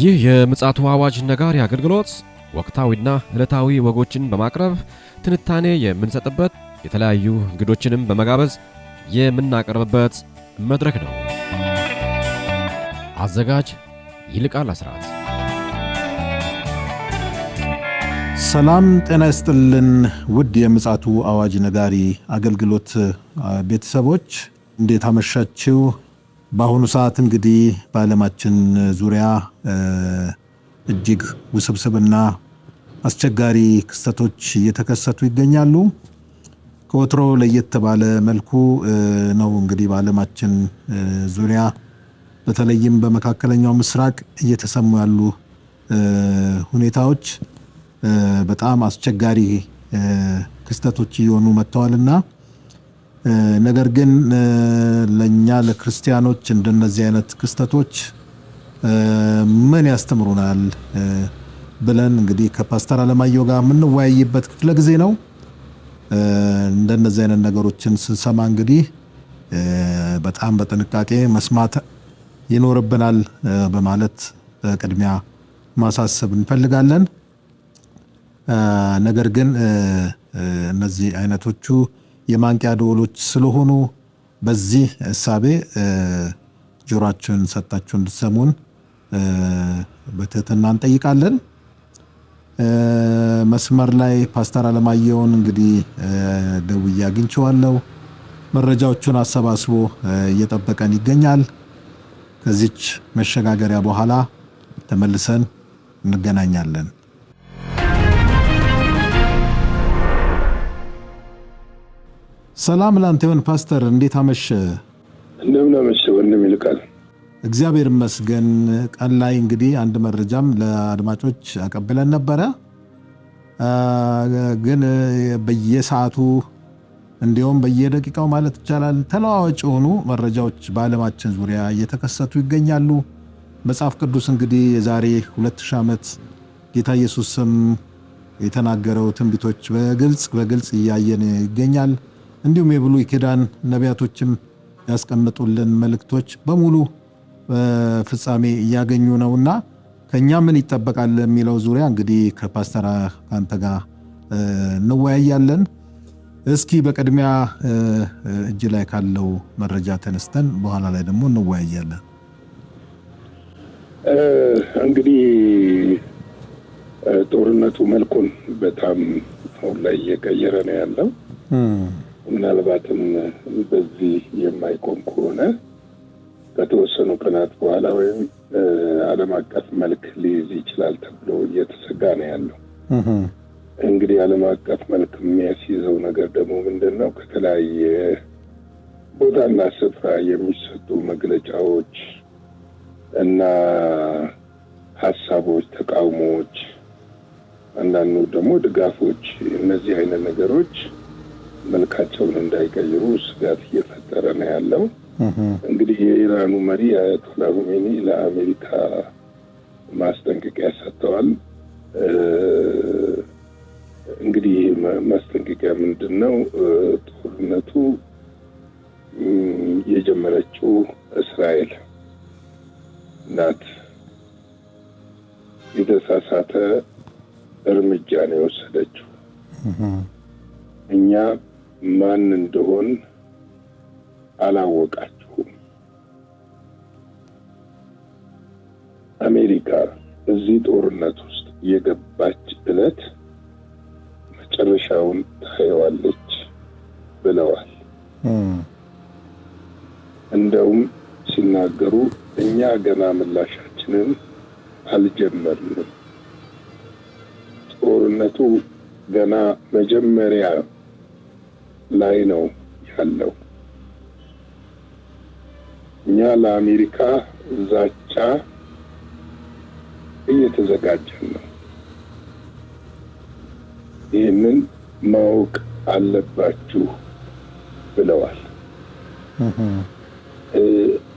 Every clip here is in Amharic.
ይህ የምፅዓቱ አዋጅ ነጋሪ አገልግሎት ወቅታዊና ዕለታዊ ወጎችን በማቅረብ ትንታኔ የምንሰጥበት የተለያዩ እንግዶችንም በመጋበዝ የምናቀርብበት መድረክ ነው። አዘጋጅ ይልቃል አስራት። ሰላም ጤና ይስጥልን። ውድ የምፅዓቱ አዋጅ ነጋሪ አገልግሎት ቤተሰቦች እንዴት አመሻችው? በአሁኑ ሰዓት እንግዲህ በዓለማችን ዙሪያ እጅግ ውስብስብና አስቸጋሪ ክስተቶች እየተከሰቱ ይገኛሉ። ከወትሮ ለየት ባለ መልኩ ነው እንግዲህ በዓለማችን ዙሪያ በተለይም በመካከለኛው ምስራቅ እየተሰሙ ያሉ ሁኔታዎች በጣም አስቸጋሪ ክስተቶች እየሆኑ መጥተዋልና ነገር ግን ለእኛ ለክርስቲያኖች እንደነዚህ አይነት ክስተቶች ምን ያስተምሩናል ብለን እንግዲህ ከፓስተር አለማየሁ ጋር የምንወያይበት ክፍለ ጊዜ ነው። እንደነዚህ አይነት ነገሮችን ስንሰማ እንግዲህ በጣም በጥንቃቄ መስማት ይኖርብናል በማለት ቅድሚያ ማሳሰብ እንፈልጋለን። ነገር ግን እነዚህ አይነቶቹ የማንቂያ ደወሎች ስለሆኑ በዚህ እሳቤ ጆሯችሁን ሰጣችሁ እንድትሰሙን በትህትና እንጠይቃለን። መስመር ላይ ፓስተር አለማየሁን እንግዲህ ደውዬ አግኝቼዋለሁ። መረጃዎቹን አሰባስቦ እየጠበቀን ይገኛል። ከዚች መሸጋገሪያ በኋላ ተመልሰን እንገናኛለን። ሰላም ላንተ ይሁን ፓስተር፣ እንዴት አመሸ? እንደምን አመሸ ወንድም ይልቃል። እግዚአብሔር ይመስገን። ቀን ላይ እንግዲህ አንድ መረጃም ለአድማጮች አቀብለን ነበረ፣ ግን በየሰዓቱ እንዲሁም በየደቂቃው ማለት ይቻላል ተለዋዋጭ የሆኑ መረጃዎች በዓለማችን ዙሪያ እየተከሰቱ ይገኛሉ። መጽሐፍ ቅዱስ እንግዲህ የዛሬ 2000 ዓመት ጌታ ኢየሱስም የተናገረው ትንቢቶች በግልጽ በግልጽ እያየን ይገኛል። እንዲሁም የብሉይ ኪዳን ነቢያቶችም ያስቀምጡልን መልእክቶች በሙሉ ፍጻሜ እያገኙ ነውና ከእኛ ምን ይጠበቃል የሚለው ዙሪያ እንግዲህ ከፓስተር ካንተ ጋር እንወያያለን። እስኪ በቅድሚያ እጅ ላይ ካለው መረጃ ተነስተን በኋላ ላይ ደግሞ እንወያያለን። እንግዲህ ጦርነቱ መልኩን በጣም አሁን ላይ እየቀየረ ነው ያለው። ምናልባትም በዚህ የማይቆም ከሆነ ከተወሰኑ ቀናት በኋላ ወይም ዓለም አቀፍ መልክ ሊይዝ ይችላል ተብሎ እየተሰጋ ነው ያለው። እንግዲህ ዓለም አቀፍ መልክ የሚያስይዘው ነገር ደግሞ ምንድን ነው? ከተለያየ ቦታና ስፍራ የሚሰጡ መግለጫዎች እና ሀሳቦች፣ ተቃውሞዎች፣ አንዳንዱ ደግሞ ድጋፎች፣ እነዚህ አይነት ነገሮች መልካቸውን እንዳይቀይሩ ስጋት እየፈጠረ ነው ያለው። እንግዲህ የኢራኑ መሪ አያቶላ ሁሜኒ ለአሜሪካ ማስጠንቀቂያ ሰጥተዋል። እንግዲህ ማስጠንቀቂያ ምንድን ነው? ጦርነቱ የጀመረችው እስራኤል ናት። የተሳሳተ እርምጃ ነው የወሰደችው። እኛ ማን እንደሆን አላወቃችሁም። አሜሪካ እዚህ ጦርነት ውስጥ የገባች ዕለት መጨረሻውን ታየዋለች ብለዋል። እንደውም ሲናገሩ እኛ ገና ምላሻችንን አልጀመርንም፣ ጦርነቱ ገና መጀመሪያ ላይ ነው ያለው። እኛ ለአሜሪካ ዛቻ እየተዘጋጀን ነው። ይህንን ማወቅ አለባችሁ ብለዋል።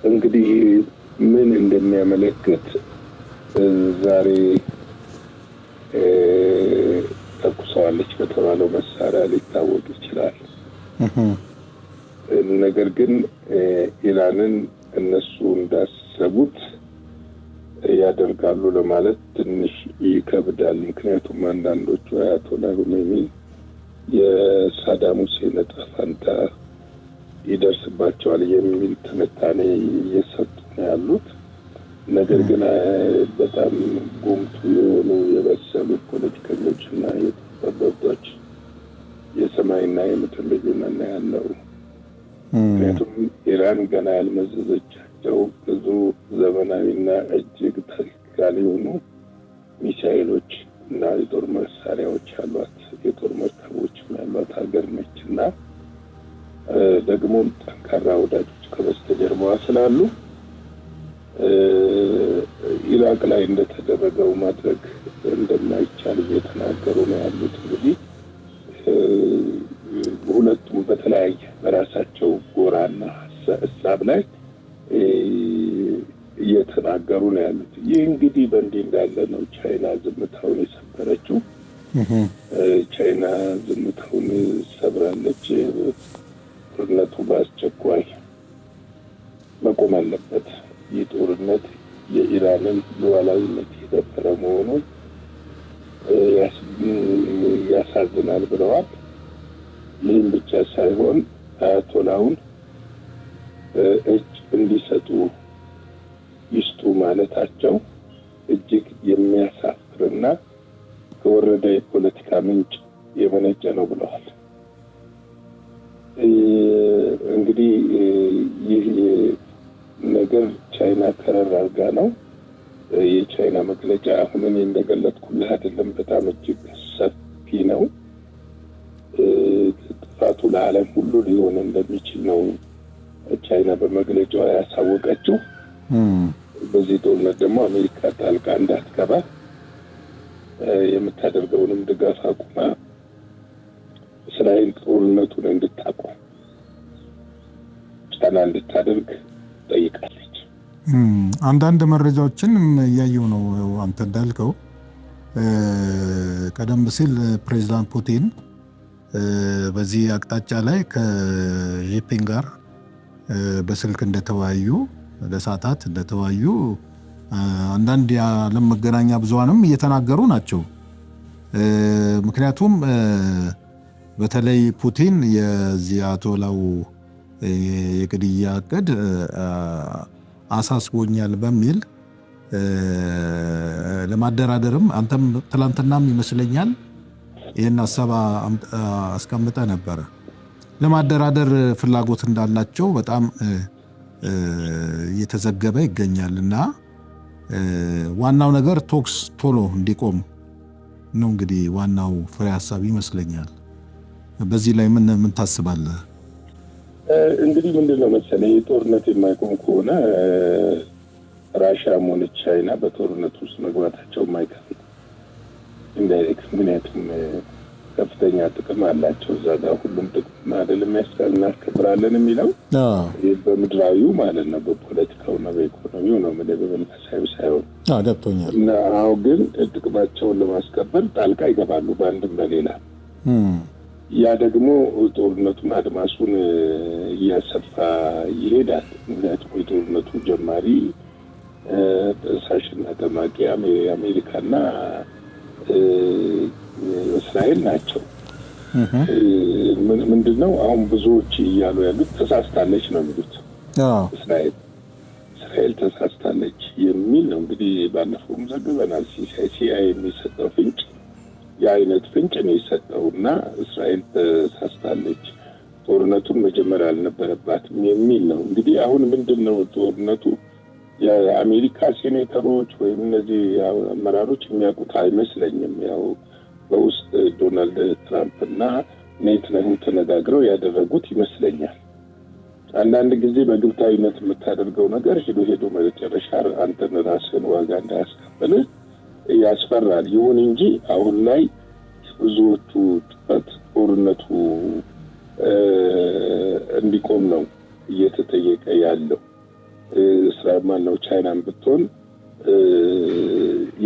እንግዲህ ምን እንደሚያመለክት ዛሬ ተኩሰዋለች በተባለው መሳሪያ ሊታወቅ ይችላል። ነገር ግን ኢራንን እነሱ እንዳሰቡት ያደርጋሉ ለማለት ትንሽ ይከብዳል። ምክንያቱም አንዳንዶቹ አያቶላ ሁሜኒ የሳዳም ሁሴን ዕጣ ፈንታ ይደርስባቸዋል የሚል ትንታኔ እየሰጡ ነው ያሉት። ነገር ግን በጣም ጉምቱ የሆኑ የበሰሉ ፖለቲከኞች እና የጠበብቶች የሰማይና የምድር ልዩነት ነው ያለው። ምክንያቱም ኢራን ገና ያልመዘዘቻቸው ብዙ ዘመናዊና እጅግ ታክቲካል የሆኑ ሚሳይሎች እና የጦር መሳሪያዎች ያሏት የጦር መርከቦችም ያሏት ሀገር ነች እና ደግሞም ጠንካራ ወዳጆች ከበስተጀርባዋ ስላሉ ያሳዝናል ብለዋል። ይህም ብቻ ሳይሆን አያቶላውን እጅ እንዲሰጡ ይስጡ ማለታቸው እጅግ የሚያሳፍርና ከወረደ የፖለቲካ ምንጭ የመነጨ ነው ብለዋል። እንግዲህ ይህ ነገር ቻይና ከረር አድርጋ ነው የቻይና መግለጫ አሁንን እኔ እንደገለጥኩልህ አይደለም። በጣም እጅግ ሰፊ ነው። ጥፋቱ ለዓለም ሁሉ ሊሆን እንደሚችል ነው ቻይና በመግለጫዋ ያሳወቀችው። በዚህ ጦርነት ደግሞ አሜሪካ ጣልቃ እንዳትገባ የምታደርገውንም ድጋፍ አቁማ እስራኤል ጦርነቱን እንድታቆም ጫና እንድታደርግ ጠይቃለች። አንዳንድ መረጃዎችን እያየው ነው አንተ እንዳልከው ቀደም ሲል ፕሬዚዳንት ፑቲን በዚህ አቅጣጫ ላይ ከዢፒንግ ጋር በስልክ እንደተወያዩ ለሰዓታት እንደተወያዩ አንዳንድ የዓለም መገናኛ ብዙሃንም እየተናገሩ ናቸው። ምክንያቱም በተለይ ፑቲን የዚህ ላው የግድያ እቅድ አሳስቦኛል በሚል ለማደራደርም አንተም ትላንትናም ይመስለኛል ይህን ሀሳብ አስቀምጠ ነበረ። ለማደራደር ፍላጎት እንዳላቸው በጣም እየተዘገበ ይገኛል እና ዋናው ነገር ቶክስ ቶሎ እንዲቆም ነው እንግዲህ ዋናው ፍሬ ሀሳብ ይመስለኛል። በዚህ ላይ ምን ምን ታስባለህ? እንግዲህ ምንድን ነው መሰለህ ጦርነት የማይቆም ከሆነ ራሽያም ሆነች ቻይና በጦርነት ውስጥ መግባታቸው የማይቀር ኢንዳይሬክት ምክንያቱም ከፍተኛ ጥቅም አላቸው። እዛ ጋር ሁሉም ጥቅም አይደል የሚያስቀል እናስከብራለን የሚለው በምድራዊው ማለት ነው፣ በፖለቲካው በፖለቲካውና በኢኮኖሚው ነው። ሳይ ሳይሆን ገብቶኛል። እና አሁ ግን ጥቅማቸውን ለማስከበር ጣልቃ ይገባሉ በአንድም በሌላ። ያ ደግሞ ጦርነቱን አድማሱን እያሰፋ ይሄዳል። ምክንያቱም የጦርነቱ ጀማሪ በሳሽና ደማቂ የአሜሪካና እስራኤል ናቸው። ምንድን ነው አሁን ብዙዎች እያሉ ያሉት ተሳስታለች ነው የሚሉት። እስራኤል እስራኤል ተሳስታለች የሚል ነው እንግዲህ ባለፈውም ዘግበናል። ሲአይኤ የሚሰጠው ፍንጭ የአይነት ፍንጭ ነው የሰጠው እና እስራኤል ተሳስታለች ጦርነቱን መጀመር አልነበረባትም የሚል ነው እንግዲህ አሁን ምንድን ነው ጦርነቱ የአሜሪካ ሴኔተሮች ወይም እነዚህ አመራሮች የሚያውቁት አይመስለኝም። ያው በውስጥ ዶናልድ ትራምፕ እና ኔታንያሁ ተነጋግረው ያደረጉት ይመስለኛል። አንዳንድ ጊዜ በግብታዊነት የምታደርገው ነገር ሄዶ ሄዶ መጨረሻ አንተን ራስህን ዋጋ እንዳያስከፍልህ ያስፈራል። ይሁን እንጂ አሁን ላይ ብዙዎቹ ጥረት ጦርነቱ እንዲቆም ነው እየተጠየቀ ያለው። እስራኤል ማነው ቻይናን ብትሆን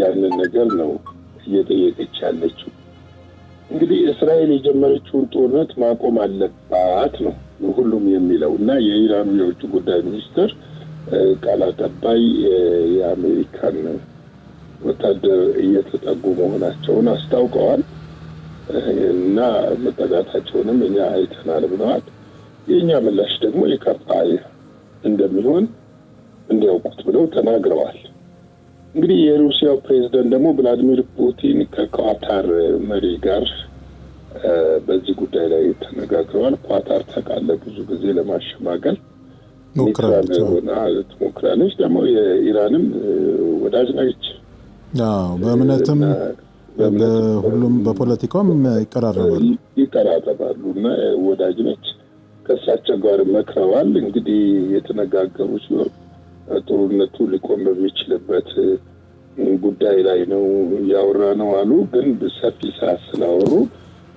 ያንን ነገር ነው እየጠየቀች ያለችው። እንግዲህ እስራኤል የጀመረችውን ጦርነት ማቆም አለባት ነው ሁሉም የሚለው እና የኢራኑ የውጭ ጉዳይ ሚኒስትር ቃል አቀባይ የአሜሪካን ወታደር እየተጠጉ መሆናቸውን አስታውቀዋል እና መጠጋታቸውንም እኛ አይተናል ብለዋል። የእኛ ምላሽ ደግሞ የከፋ እንደሚሆን እንዲያውቁት ብለው ተናግረዋል። እንግዲህ የሩሲያው ፕሬዚደንት ደግሞ ቭላዲሚር ፑቲን ከኳታር መሪ ጋር በዚህ ጉዳይ ላይ ተነጋግረዋል። ኳታር ተቃለ ብዙ ጊዜ ለማሸማገል ትሞክራለች። ደግሞ የኢራንም ወዳጅ ነች። በእምነትም በሁሉም በፖለቲካውም ይቀራረባሉ ይቀራረባሉ እና ወዳጅ ነች። ከእሳቸው ጋር መክረዋል። እንግዲህ የተነጋገሩ ሲሆን ጦርነቱ ሊቆም በሚችልበት ጉዳይ ላይ ነው እያወራ ነው አሉ። ግን ሰፊ ሰዓት ስላወሩ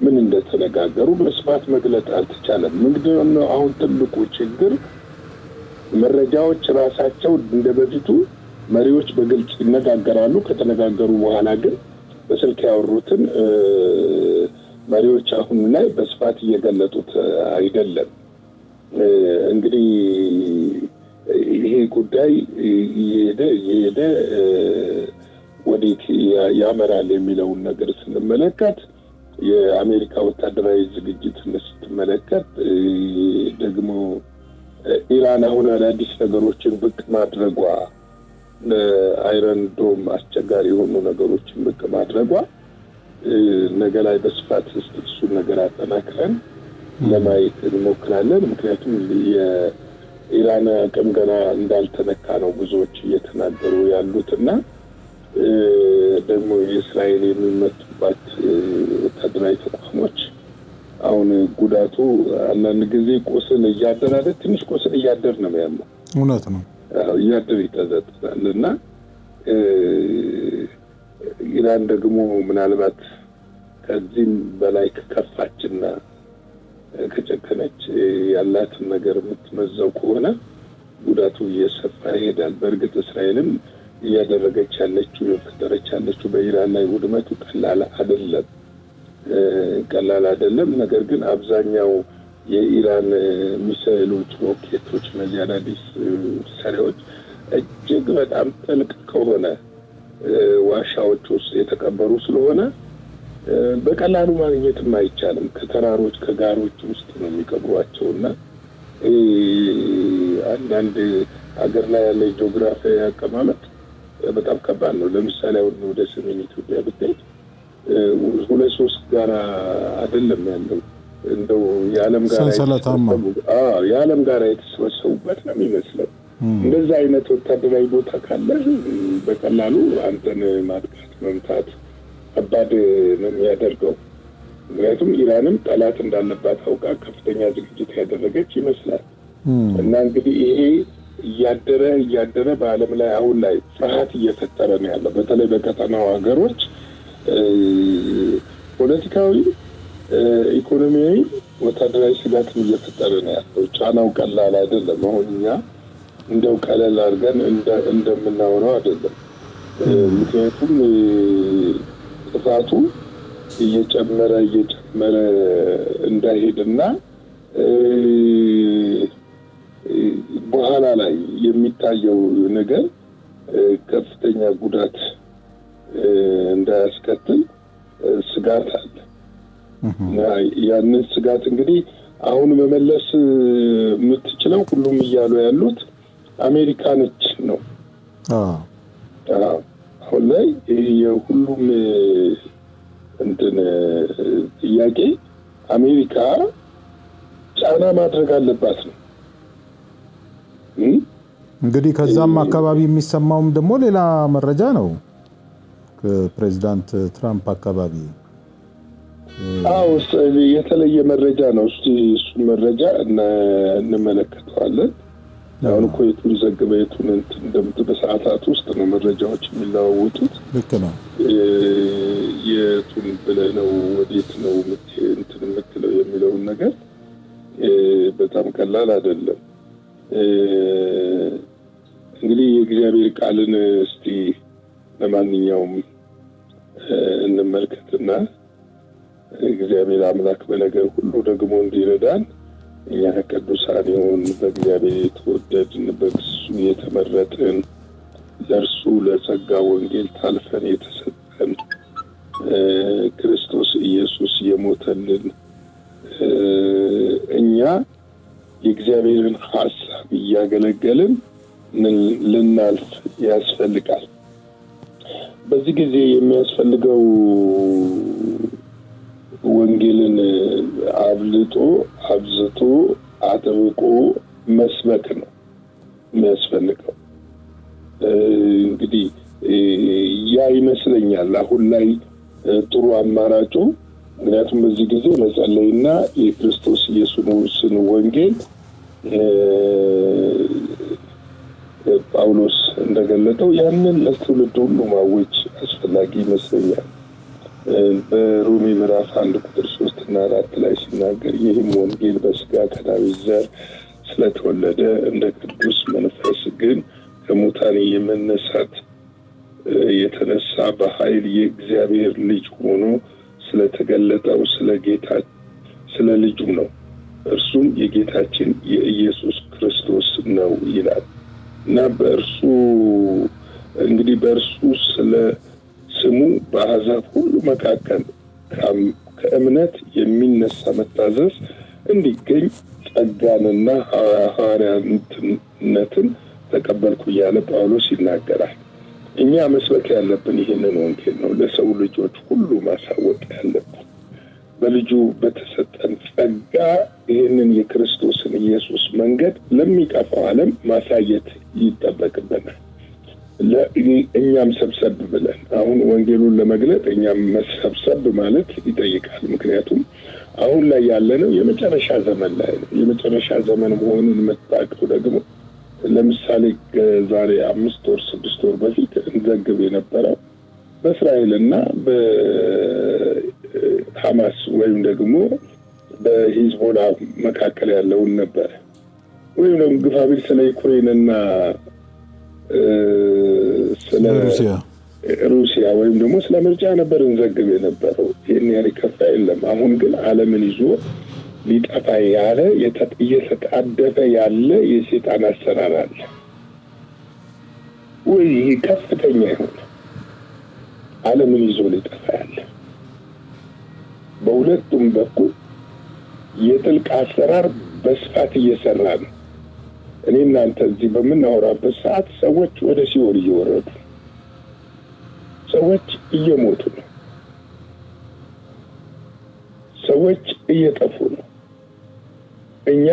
ምን እንደተነጋገሩ በስፋት መግለጥ አልተቻለም። ምንድነው አሁን ትልቁ ችግር? መረጃዎች ራሳቸው እንደ በፊቱ መሪዎች በግልጽ ይነጋገራሉ። ከተነጋገሩ በኋላ ግን በስልክ ያወሩትን መሪዎች አሁን ላይ በስፋት እየገለጡት አይደለም። እንግዲህ ይሄ ጉዳይ እየሄደ እየሄደ ወዴት ያመራል የሚለውን ነገር ስንመለከት የአሜሪካ ወታደራዊ ዝግጅት ስትመለከት ደግሞ ኢራን አሁን አዳዲስ ነገሮችን ብቅ ማድረጓ አይረን ዶም አስቸጋሪ የሆኑ ነገሮችን ብቅ ማድረጓ ነገ ላይ በስፋት ስጥ እሱን ነገር አጠናክረን ለማየት እንሞክራለን። ምክንያቱም ኢራን አቅም ገና እንዳልተነካ ነው ብዙዎች እየተናገሩ ያሉት እና ደግሞ የእስራኤል የሚመቱባት ወታደራዊ ተቋሞች አሁን ጉዳቱ አንዳንድ ጊዜ ቁስን እያደር አለ ትንሽ ቁስን እያደር ነው ያለው። እውነት ነው እያደር ይጠዘጥዛል እና ኢራን ደግሞ ምናልባት ከዚህም በላይ ከከፋችና ከጨከነች ያላትን ነገር የምትመዘው ከሆነ ጉዳቱ እየሰፋ ይሄዳል። በእርግጥ እስራኤልም እያደረገች ያለችው የፈጠረች ያለችው በኢራን ላይ ውድመቱ ቀላል አይደለም ቀላል አይደለም። ነገር ግን አብዛኛው የኢራን ሚሳይሎች፣ ሮኬቶች፣ እነዚህ አዳዲስ መሳሪያዎች እጅግ በጣም ጥልቅ ከሆነ ዋሻዎች ውስጥ የተቀበሩ ስለሆነ በቀላሉ ማግኘትም አይቻልም። ከተራሮች ከጋሮች ውስጥ ነው የሚቀብሯቸው እና አንዳንድ ሀገር ላይ ያለ ጂኦግራፊያዊ አቀማመጥ በጣም ከባድ ነው። ለምሳሌ አሁን ወደ ሰሜን ኢትዮጵያ ብትሄድ ሁለት ሶስት ጋራ አይደለም ያለው እንደው የዓለም ጋራ የዓለም ጋራ የተሰበሰቡበት ነው የሚመስለው። እንደዛ አይነት ወታደራዊ ቦታ ካለ በቀላሉ አንተን ማጥቃት መምታት ከባድ ነው የሚያደርገው። ምክንያቱም ኢራንም ጠላት እንዳለባት አውቃ ከፍተኛ ዝግጅት ያደረገች ይመስላል። እና እንግዲህ ይሄ እያደረ እያደረ በዓለም ላይ አሁን ላይ ፍርሃት እየፈጠረ ነው ያለው። በተለይ በቀጠናው ሀገሮች ፖለቲካዊ፣ ኢኮኖሚያዊ፣ ወታደራዊ ስጋትም እየፈጠረ ነው ያለው። ጫናው ቀላል አይደለም። አሁን እኛ እንደው ቀለል አድርገን እንደምናውነው አይደለም። ምክንያቱም ጥፋቱ እየጨመረ እየጨመረ እንዳይሄድና በኋላ ላይ የሚታየው ነገር ከፍተኛ ጉዳት እንዳያስከትል ስጋት አለ። ያንን ስጋት እንግዲህ አሁን መመለስ የምትችለው ሁሉም እያሉ ያሉት አሜሪካ ነች ነው። አሁን ላይ የሁሉም እንትን ጥያቄ አሜሪካ ጫና ማድረግ አለባት ነው። እንግዲህ ከዛም አካባቢ የሚሰማውም ደግሞ ሌላ መረጃ ነው። ከፕሬዚዳንት ትራምፕ አካባቢ የተለየ መረጃ ነው። እሱ መረጃ እንመለከተዋለን። አሁን እኮ የቱን ዘግበ የቱን እንደምት በሰዓታት ውስጥ ነው መረጃዎች የሚለዋወጡት። ልክ ነው። የቱን ብለ ነው ወዴት ነው እንትን የምትለው የሚለውን ነገር በጣም ቀላል አይደለም። እንግዲህ የእግዚአብሔር ቃልን እስቲ ለማንኛውም እንመልከትና እግዚአብሔር አምላክ በነገር ሁሉ ደግሞ እንዲረዳን ያ ቅዱሳን በእግዚአብሔር የተወደድን በእሱ የተመረጥን ለእርሱ ለጸጋ ወንጌል ታልፈን የተሰጠን ክርስቶስ ኢየሱስ የሞተልን እኛ የእግዚአብሔርን ሀሳብ እያገለገልን ልናልፍ ያስፈልጋል። በዚህ ጊዜ የሚያስፈልገው ወንጌልን አብልጦ አብዝቶ አጥብቆ መስበክ ነው የሚያስፈልገው። እንግዲህ ያ ይመስለኛል አሁን ላይ ጥሩ አማራጩ። ምክንያቱም በዚህ ጊዜ መጸለይና የክርስቶስ ኢየሱስን ወንጌል ጳውሎስ እንደገለጠው ያንን ለትውልድ ሁሉ ማወጅ አስፈላጊ ይመስለኛል። በሮሜ ምዕራፍ አንድ ቁጥር ሶ ቁጥር አራት ላይ ሲናገር ይህም ወንጌል በስጋ ከዳዊት ዘር ስለተወለደ እንደ ቅዱስ መንፈስ ግን ከሙታን የመነሳት የተነሳ በኃይል የእግዚአብሔር ልጅ ሆኖ ስለተገለጠው ስለ ጌታ ስለ ልጁ ነው። እርሱም የጌታችን የኢየሱስ ክርስቶስ ነው ይላል እና በእርሱ እንግዲህ በእርሱ ስለ ስሙ በአሕዛብ ሁሉ መካከል ከእምነት የሚነሳ መታዘዝ እንዲገኝ ጸጋንና ሐዋርያነትን ተቀበልኩ እያለ ጳውሎስ ይናገራል። እኛ መስበክ ያለብን ይህንን ወንጌል ነው፣ ለሰው ልጆች ሁሉ ማሳወቅ ያለብን በልጁ በተሰጠን ጸጋ ይህንን የክርስቶስን ኢየሱስ መንገድ ለሚጠፋው ዓለም ማሳየት ይጠበቅብናል። እኛም ሰብሰብ ብለን አሁን ወንጌሉን ለመግለጥ እኛም መሰብሰብ ማለት ይጠይቃል። ምክንያቱም አሁን ላይ ያለነው የመጨረሻ ዘመን ላይ ነው። የመጨረሻ ዘመን መሆኑን የምታውቀው ደግሞ ለምሳሌ ዛሬ አምስት ወር ስድስት ወር በፊት እንዘግብ የነበረው በእስራኤል እና በሐማስ ወይም ደግሞ በሂዝቦላ መካከል ያለውን ነበረ ወይም ደግሞ ግፋቢል ስለ ዩክሬን እና ስለ ሩሲያ ወይም ደግሞ ስለ ምርጫ ነበር እንዘግብ የነበረው። ይህን ያህል ከፋ የለም። አሁን ግን ዓለምን ይዞ ሊጠፋ ያለ እየተጣደፈ ያለ የሴጣን አሰራር አለ ወይ? ይህ ከፍተኛ ይሆን ዓለምን ይዞ ሊጠፋ ያለ በሁለቱም በኩል የጥልቅ አሰራር በስፋት እየሰራ ነው። እኔ እናንተ እዚህ በምናወራበት ሰዓት ሰዎች ወደ ሲኦል እየወረዱ ሰዎች እየሞቱ ነው። ሰዎች እየጠፉ ነው። እኛ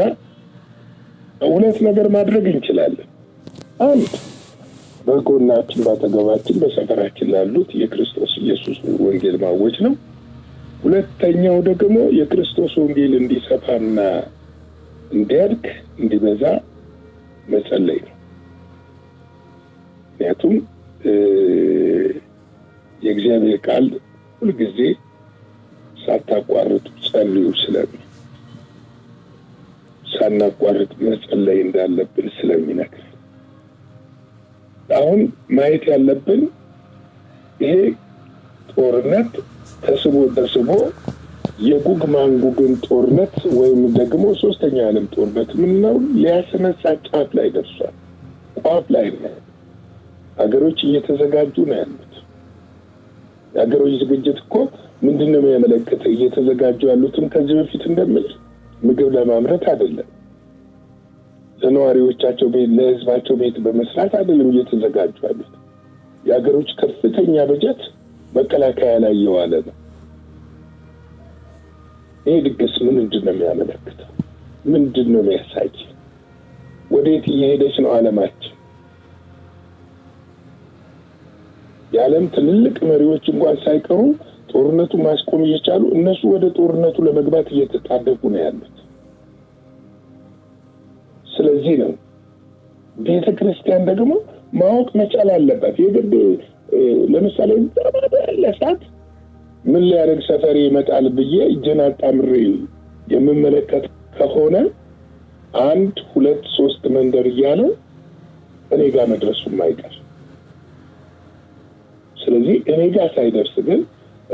ሁለት ነገር ማድረግ እንችላለን። አንድ በጎናችን ባጠገባችን፣ በሰፈራችን ላሉት የክርስቶስ ኢየሱስ ወንጌል ማወጅ ነው። ሁለተኛው ደግሞ የክርስቶስ ወንጌል እንዲሰፋና እንዲያድግ እንዲበዛ መጸለይ ነው። ምክንያቱም የእግዚአብሔር ቃል ሁልጊዜ ሳታቋርጡ ጸልዩ ስለሚል ሳናቋርጥ መጸለይ እንዳለብን ስለሚነግር አሁን ማየት ያለብን ይሄ ጦርነት ተስቦ ተስቦ የጉግማን ጉግን ጦርነት ወይም ደግሞ ሶስተኛ ዓለም ጦርነት የምንለው ሊያስነሳ ጫፍ ላይ ደርሷል። ቋፍ ላይ ነው። ሀገሮች እየተዘጋጁ ነው ያሉት። የሀገሮች ዝግጅት እኮ ምንድን ነው እየተዘጋጁ ያሉትም ከዚህ በፊት እንደምል ምግብ ለማምረት አይደለም፣ ለነዋሪዎቻቸው ቤት፣ ለህዝባቸው ቤት በመስራት አይደለም እየተዘጋጁ ያሉት። የሀገሮች ከፍተኛ በጀት መከላከያ ላይ እየዋለ ነው። ይህ ድግስ ምንድን ነው የሚያመለክተው? ምንድን ነው የሚያሳይ? ወዴት እየሄደች ነው አለማችን? የዓለም ትልልቅ መሪዎች እንኳን ሳይቀሩ ጦርነቱን ማስቆም እየቻሉ እነሱ ወደ ጦርነቱ ለመግባት እየተጣደፉ ነው ያሉት። ስለዚህ ነው ቤተ ክርስቲያን ደግሞ ማወቅ መቻል አለባት። ለምሳሌ ዛማዳ ምን ሊያደርግ ሰፈሪ ይመጣል ብዬ እጄን አጣምሬ የምመለከት ከሆነ አንድ ሁለት ሶስት መንደር እያለ እኔ ጋር መድረሱ አይቀር። ስለዚህ እኔ ጋር ሳይደርስ ግን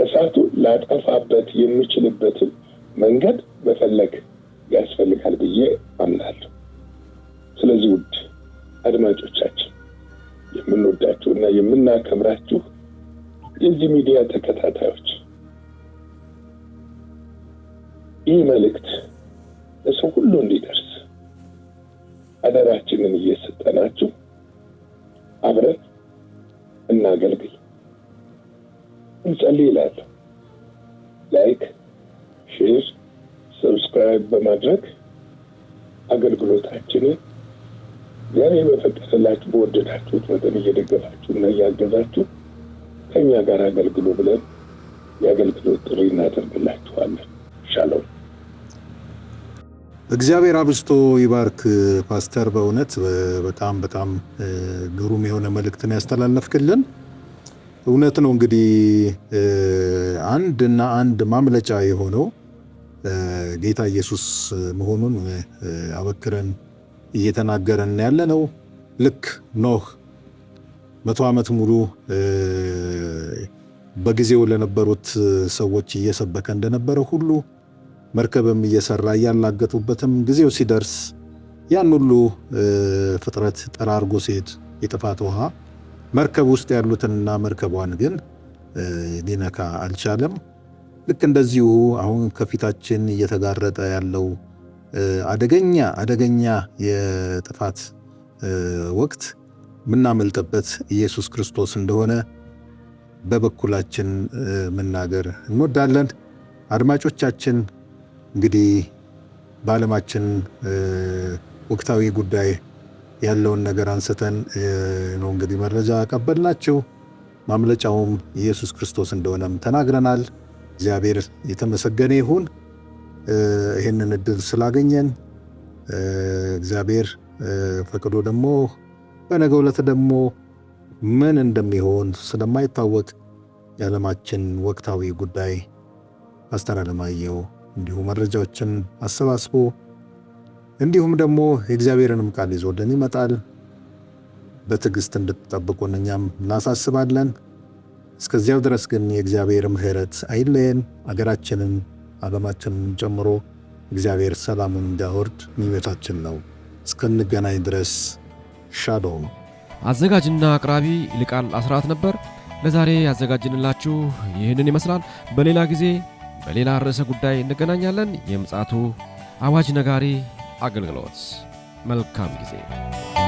እሳቱ ላጠፋበት የምችልበትን መንገድ መፈለግ ያስፈልጋል ብዬ አምናለሁ። ስለዚህ ውድ አድማጮቻችን የምንወዳችሁ እና የምናከብራችሁ የዚህ ሚዲያ ተከታታዮች ይህ መልእክት ለሰው ሁሉ እንዲደርስ አደራችንን እየሰጠናችሁ አብረን እናገልግል፣ እንጸልይ ይላለሁ። ላይክ፣ ሼር፣ ሰብስክራይብ በማድረግ አገልግሎታችንን እግዚአብሔር በፈቀደላችሁ በወደዳችሁት መጠን እየደገፋችሁ እና እያገዛችሁ ከእኛ ጋር አገልግሎ ብለን የአገልግሎት ጥሪ እናደርግላችኋለን። ሻለው እግዚአብሔር አብዝቶ ይባርክ ፓስተር። በእውነት በጣም በጣም ግሩም የሆነ መልእክትን ያስተላለፍክልን። እውነት ነው እንግዲህ አንድ እና አንድ ማምለጫ የሆነው ጌታ ኢየሱስ መሆኑን አበክረን እየተናገረን ያለ ነው። ልክ ኖህ መቶ ዓመት ሙሉ በጊዜው ለነበሩት ሰዎች እየሰበከ እንደነበረ ሁሉ መርከብም እየሰራ እያላገጡበትም ጊዜው ሲደርስ ያን ሁሉ ፍጥረት ጠራርጎ ሲሄድ የጥፋት ውሃ መርከብ ውስጥ ያሉትንና መርከቧን ግን ሊነካ አልቻለም። ልክ እንደዚሁ አሁን ከፊታችን እየተጋረጠ ያለው አደገኛ አደገኛ የጥፋት ወቅት የምናመልጥበት ኢየሱስ ክርስቶስ እንደሆነ በበኩላችን መናገር እንወዳለን። አድማጮቻችን እንግዲህ በዓለማችን ወቅታዊ ጉዳይ ያለውን ነገር አንስተን ነው እንግዲህ መረጃ ቀበልናችሁ። ማምለጫውም ኢየሱስ ክርስቶስ እንደሆነም ተናግረናል። እግዚአብሔር የተመሰገነ ይሁን ይህንን እድል ስላገኘን። እግዚአብሔር ፈቅዶ ደግሞ በነገ ዕለት ደግሞ ምን እንደሚሆን ስለማይታወቅ የዓለማችን ወቅታዊ ጉዳይ አስተራለማየሁ እንዲሁ መረጃዎችን አሰባስቦ እንዲሁም ደግሞ የእግዚአብሔርንም ቃል ይዞልን ይመጣል። በትዕግስት እንድትጠብቁን እኛም እናሳስባለን። እስከዚያው ድረስ ግን የእግዚአብሔር ምሕረት አይለየን። አገራችንን ዓለማችንን ጨምሮ እግዚአብሔር ሰላሙን እንዲያወርድ ምኞታችን ነው። እስከንገናኝ ድረስ ሻሎም። አዘጋጅና አቅራቢ ይልቃል አስራት ነበር። ለዛሬ ያዘጋጅንላችሁ ይህንን ይመስላል። በሌላ ጊዜ በሌላ ርዕሰ ጉዳይ እንገናኛለን። የምፅዓቱ አዋጅ ነጋሪ አገልግሎት መልካም ጊዜ